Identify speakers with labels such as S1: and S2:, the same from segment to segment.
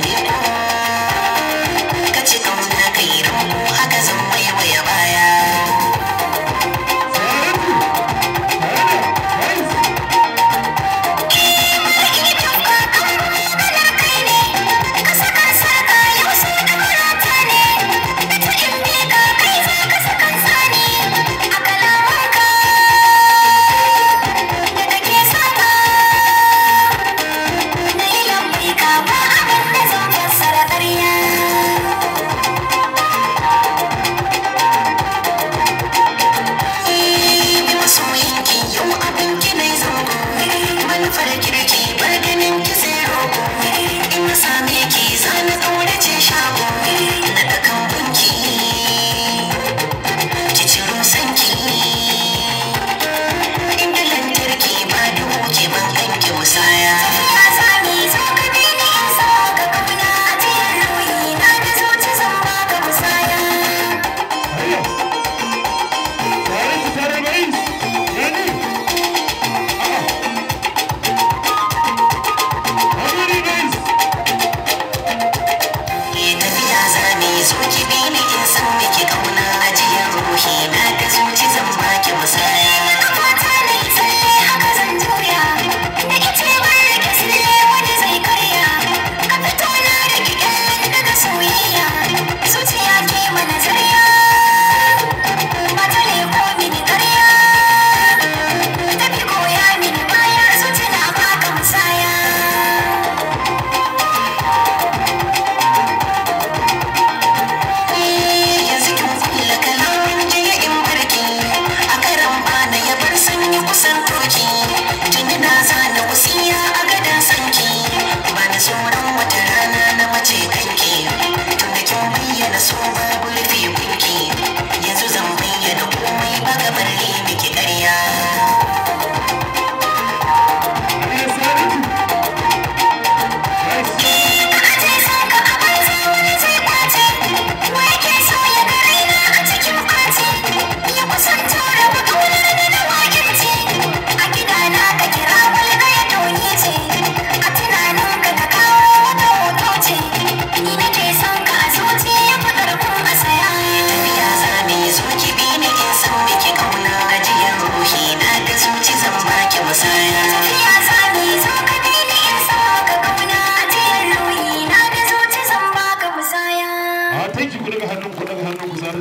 S1: Música Farei que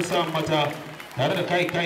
S2: sa mata tare da kai kai